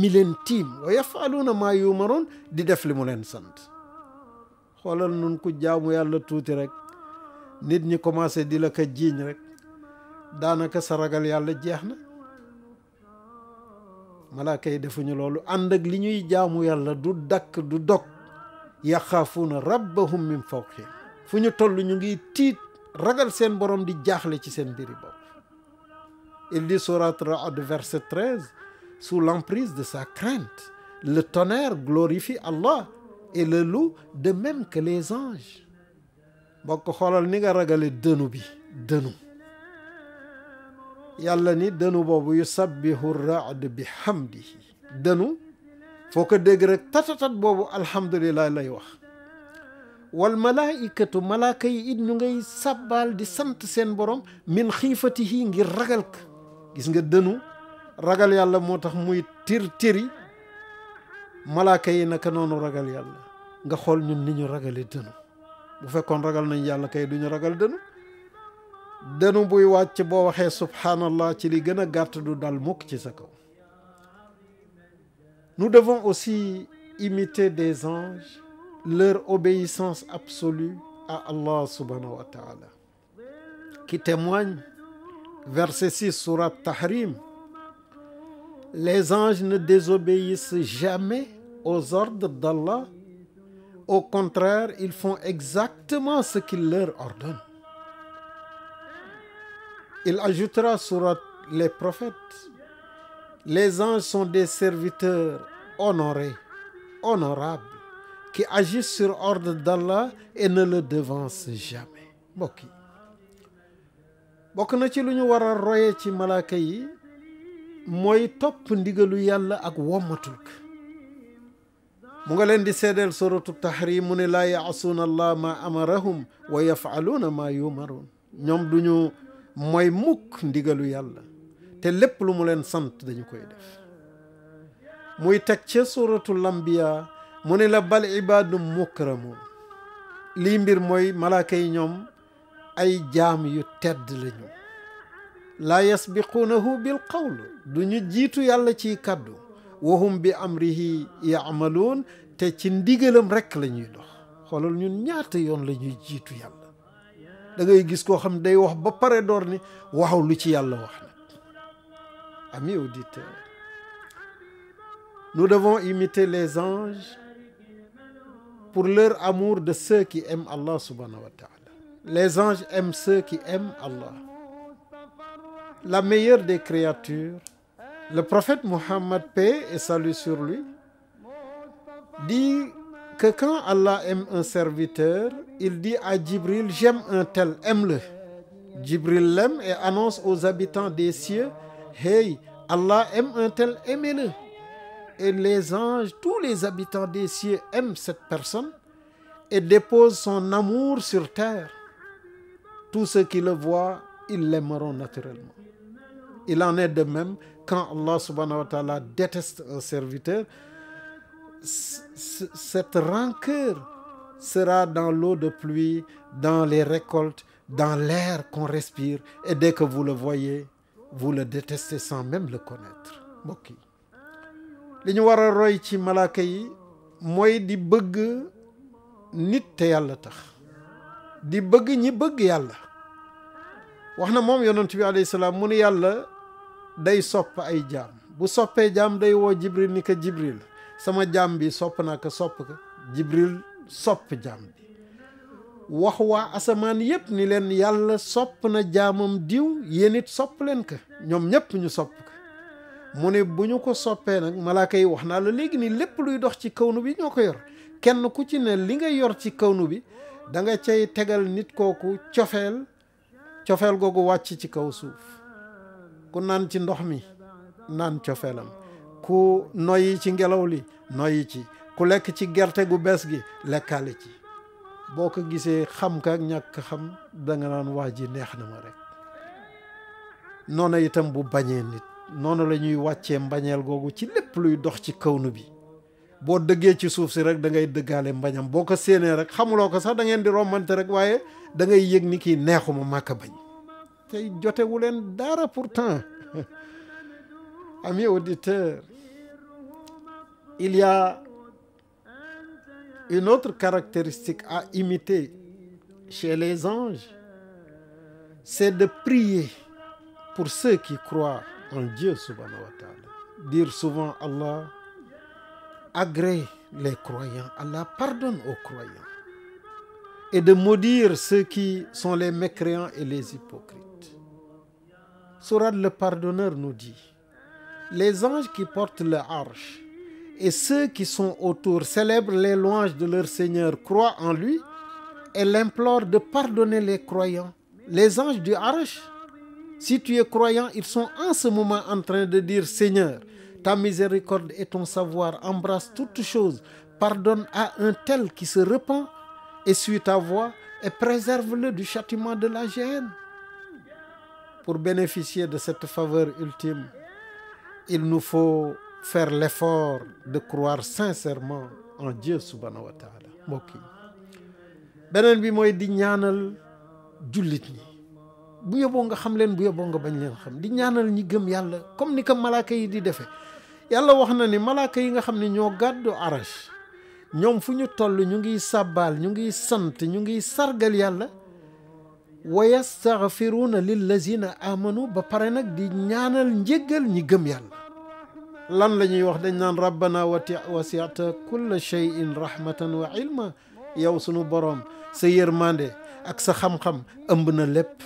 mi leen tiim wa yafaluuna maa yuumaroon di def li mu leen sant xoolal nun ku jaamu yàlla tuuti rek nit ñi commencé di la ko jiiñ rek daanaka sa ragal yàlla jeex na malaaka yi defuñu loolu ànd ak li ñuy jaamu yàlla du dakk du dog yaxaafuuna rabbahum min fawqihim fu ñu toll ñu ngi tiit ragal seen borom di jaaxle ci seen mbiri bopp il dit sourate Ra'd verset 13 sous l'emprise de sa crainte le tonnerre glorifie Allah et le loup les anges bokk xoolal ni nga ragale dënu bi dënu yàlla ni dënu boobu yusabbihu raad bi hamdihi dënu foo ko dégg rek tatatat boobu alhamdulilah lay wax wal malaikatu malaaka yi it ñu ngay sàbbaal di sant seen borom min xiifatihi ngir ragal ka gis nga dënu ragal yàlla moo tax muy tir malaaka yi naka noonu ragal yàlla nga xool ñu ni ñu ragale dënu bu fekkoon ragal nañ yàlla kay ñu ragal dënu dënu buy wàcc boo waxee subhanallah ci li gën a gàtt dal mukk ci sa kaw nous devons aussi imiter des anges leur obéissance absolue à Allah subhanahu wa ta'ala qui témoigne verset 6 sourate Tahrim les anges ne désobéissent jamais aux ordres d'Allah. Au contraire, ils font exactement ce qu'il leur ordonne. Il ajoutera sur les prophètes. Les anges sont des serviteurs honorés, honorables, qui agissent sur ordre d'Allah et ne le devancent jamais. mbokk yi bokk na ci lu ñu war a roye ci malaaka yi mooy topp ndigalu yàlla ak wommatul mu nga leen di seedeel suratu tahrim mu ne laa yaasuuna allah ma amarahum wa yafaluuna ma yumaruun ñoom duñu ñu mooy mukk ndigalu yàlla te lépp lu mu leen sant dañu koy def muy teg ca suratu lambiya mu ne la bal ibaadu mukramuun lii mbir mooy malaaka yi ñoom ay jaam yu tedd lañu laa yasbiquunahu bil qawl du jiitu yàlla ci kàddu wahum bi ya yaamaluun te ci ndigalam rekk la ñuy dox xoolal ñun ñaata yoon la ñuy jiitu yàlla da ngay gis koo xam day wax ba pare door ni waaw lu ci yàlla wax nag amis auditeurs nous les anges pour leur amour de ceux qui aiment Allah subhanahu wa les anges aiment ceux qui aiment Allah la meilleure des créatures Le prophète Muhammad, paix et salut sur lui, dit que quand Allah aime un serviteur, il dit à Jibril, j'aime un tel, aime-le. Jibril l'aime et annonce aux habitants des cieux, hey, Allah aime un tel, aimez-le. Et les anges, tous les habitants des cieux aiment cette personne et déposent son amour sur terre. Tous ceux qui le voient, ils l'aimeront naturellement. Il en est de même quand Allah subhanahu wa ta'ala déteste un serviteur, cette rancœur sera dans l'eau de pluie, dans les récoltes, dans l'air qu'on respire, et dès que vous le voyez, vous le détestez sans même le connaître mbokk yi li ñu war a roy ci malaaka yi mooy di bëgg nit te yàlla tax di bëgg ñi bëgg yàlla wax na moom yonent bi alayhi salaam mu ni yàlla day sopp ay jaam bu soppee jaam day woo jibril ni ko jibril sama jaam bi sopp naa ko sopp ko jibril sopp jaam bi wax waa asamaan yépp ni leen yàlla sopp na jaamam diw yéen it sopp leen ko ñoom ñépp ñu sopp ko mu ne bu ñu ko soppee nag malaaka yi wax naa la léegi nii lépp luy dox ci kawnu bi ñoo ko yor kenn ku ci ne li nga yor ci kawnu bi da nga cay tegal nit kooku cofeel cofeel googu wàcc ci kaw suuf ku naan ci ndox mi naan cofeelam ku noyyi ci ngelaw li noyyi ci ku lekk ci gerte gu bees gi lekkaale ci boo ko gisee xam ka ak ñàkk xam danga naan wax ji neex na ma rek noona itam bu bañee nit noonu la ñuy wàccee mbañeel googu ci lépp luy dox ci nu bi boo dëggee ci suuf si rek dangay ngay dëggaale mbañam boo ko séenee rek xamuloo ko sax da ngeen di rombante rek waaye da ngay yëg ni kii neexu neexuma màkk bañ tey jotewu leen dara pourtant amis auditeurs il y a une autre caractéristique à imiter chez les anges c'est de prier pour ceux qui croient en Dieu subhanahu wa ta'ala dire souvent Allah agrée les croyants Allah pardonne aux croyants et de maudire ceux qui sont les mécréants et les hypocrites Sourate le Pardonneur nous dit, les anges qui portent le arche et ceux qui sont autour célèbrent les louanges de leur Seigneur, croient en lui et l'implorent de pardonner les croyants. Les anges du arche, si tu es croyant, ils sont en ce moment en train de dire, Seigneur, ta miséricorde et ton savoir embrassent toutes choses, pardonne à un tel qui se repent et suit ta voie et préserve-le du châtiment de la géhenne. pour bénéficier de cette faveur ultime il nous faut faire l'effort de croire sincèrement en Dieu subhanahu wa taala mbokk yi beneen bi mooy di ñaanal jullit ñi bu yóbboo nga xam leen bu yóbboo nga bañ leen xam di ñaanal ñi gëm yàlla comme ni ko malaaka yi di defee yàlla wax na ni malaaka yi nga xam ni ñoo gàddu arash ñoom fu ñu toll ñu ngiy sàbbaal ñu ngiy sant ñu ngiy sargal yàlla wa yastaxfiruuna lillazina amanu ba pare nag di ñaanal njéggal ñi gëm yàlla lan la ñuy wax dañ naan rabbana wati wasiata kulla cheyin rahmatan wa ilma yow sunu boroom sa yërmande ak sa xam-xam ëmb na lépp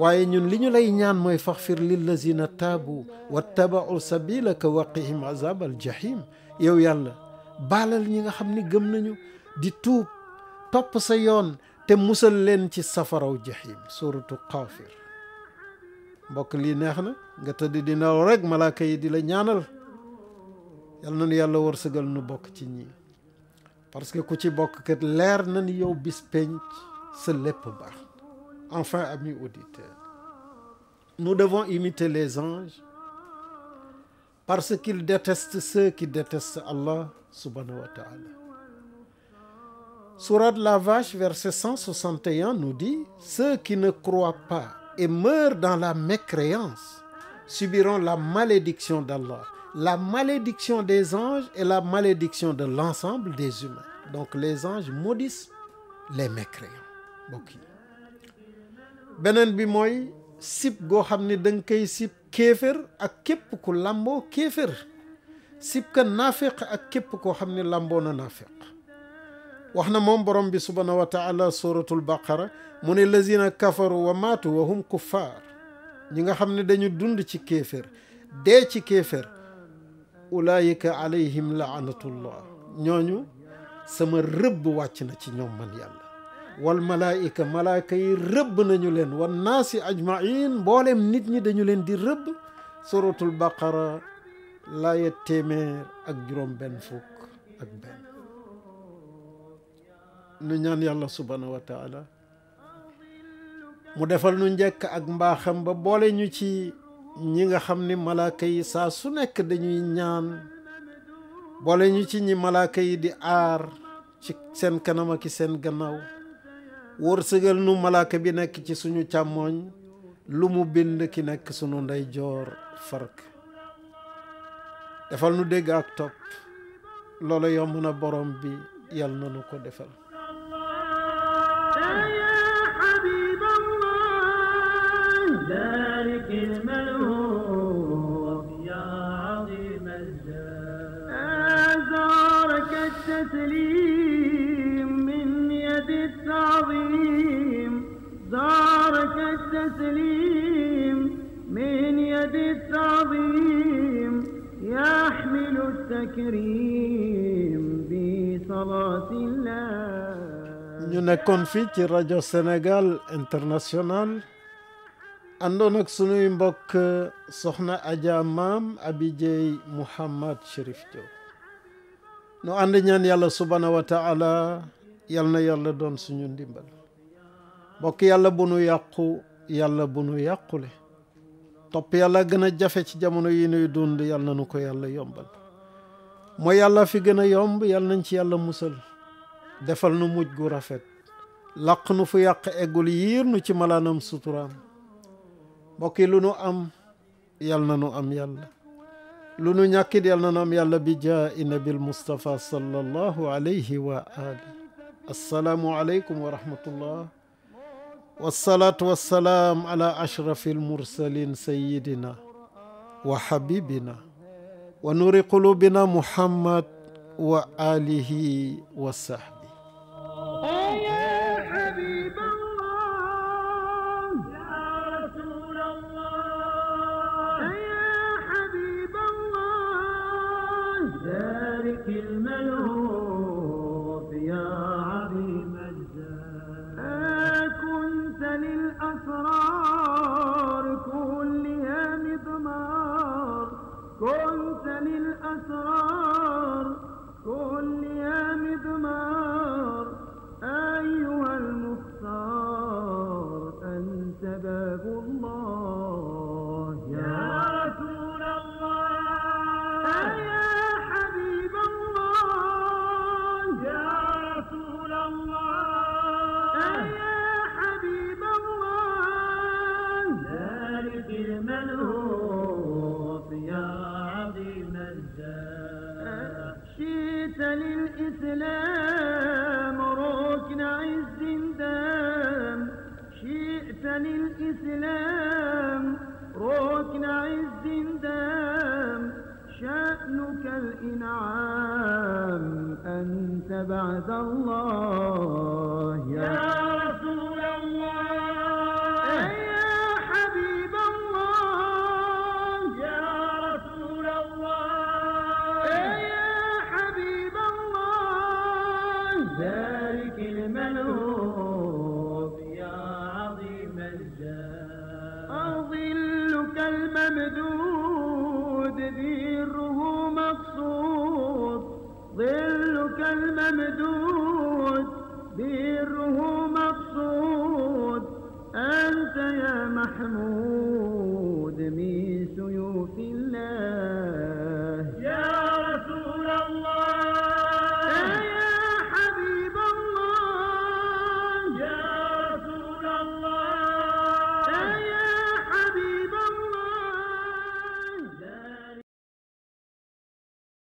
waaye ñun li ñu lay ñaan mooy faxfir lillazina taabu wattabau sabilaka waqihim azab al jahim yow yàlla baalal ñi nga xam ni gëm nañu di tuub topp sa yoon te musal leen ci safaraw jahim suratu xaafir mbokk lii neex na nga tëdd dinaaw nelaw rek malaaka yi di la ñaanal yal na nu yàlla wërsëgal nu bokk ci ñi parce que ku ci bokk kat leer na yow bis sa lépp baax enfin amis auditeurs nous devons imiter les anges parce qu'ils détestent ceux qui détestent Allah subhanahu wa Sourate la Vache, verset 161 nous dit, Ceux qui ne croient pas et meurent dans la mécréance subiront la malédiction d'Allah, la malédiction des anges et la malédiction de l'ensemble des humains. Donc les anges maudissent les mécréants mbokk yi beneen bi mooy sib goo xam ne da nga koy sib kéefër ak képp ku làmboo kéefër sib ka naafeq ak képp koo xam ne làmboo na naafeq wax na moom borom bi subhaanahu wa taala suratul baqara mu ne lazina kafaru wa maatu wa hum kuffaar ñi nga xam ne dañu dund ci kéefér dee ci kéefér ulaayika alayhim laanatullah ñooñu sama rëbb wàcc na ci ñoom man yàlla wal malaayika malaayika yi rëbb nañu leen wan naasi ajmain mbooleem nit ñi dañu leen di rëbb suratul baqara laaya téeméer ak juróom benn fukk ak benn nu ñaan yàlla subhaanahu wa taala mu defal nu njëkk ak mbaaxam ba boole ñu ci ñi nga xam ni malaaka yi saa su nekk dañuy ñaan boole ñu ci ñi malaaka yi di aar ci seen kanam ak seen gannaaw wërsëgal nu malaaka bi nekk ci suñu càmmooñ lu mu bind ki nekk sunu ndeyjoor fark defal nu dégg ak loole loolu yomb na borom bi yàlla na nu ko defal ذلك المنهوب يا عظيم الجاه زارك التسليم من يد التعظيم زارك التسليم من يد التعظيم يحمل التكريم بصلاة الله ñu nekkoon fii ci rajo Sénégal international àndoon ak sunuy mbokk soxna Adja maam Abijey Mouhamad Chérif Diop nu ànd ñaan yàlla subhaanahu wa taala yal na yàlla doon suñu ndimbal mbokk yàlla bu nu yàqu yàlla bu nu yàqule topp yàlla gën a jafe ci jamono yi nuy dund yal na nu ko yàlla yombal mooy yàlla fi gën a yomb yal nañ ci yàlla musal defal nu mujj gu rafet làq nu fu yàq eggul yiir nu ci malaanam suturaam mbokk yi lu nu am yal na nu am yàlla lu nu ñàkkit yal na nu am yàlla bi jaa i nabil Mustafa sallallahu alayhi wa ali assalaamu aleykum wa rahmatullah wassalaatu wassalaam ala ashrafi almursalin sayidina wa habibina wa nuuri qulubina muhammad wa alihi wa sahbi كتاب الله يا رسول الله يا حبيب الله يا رسول الله يا حبيب الله ذلك المنهوط يا عظيم الجاه شئت للإسلام الإسلام ركن عز دام شأنك الإنعام أنت بعد الله نحن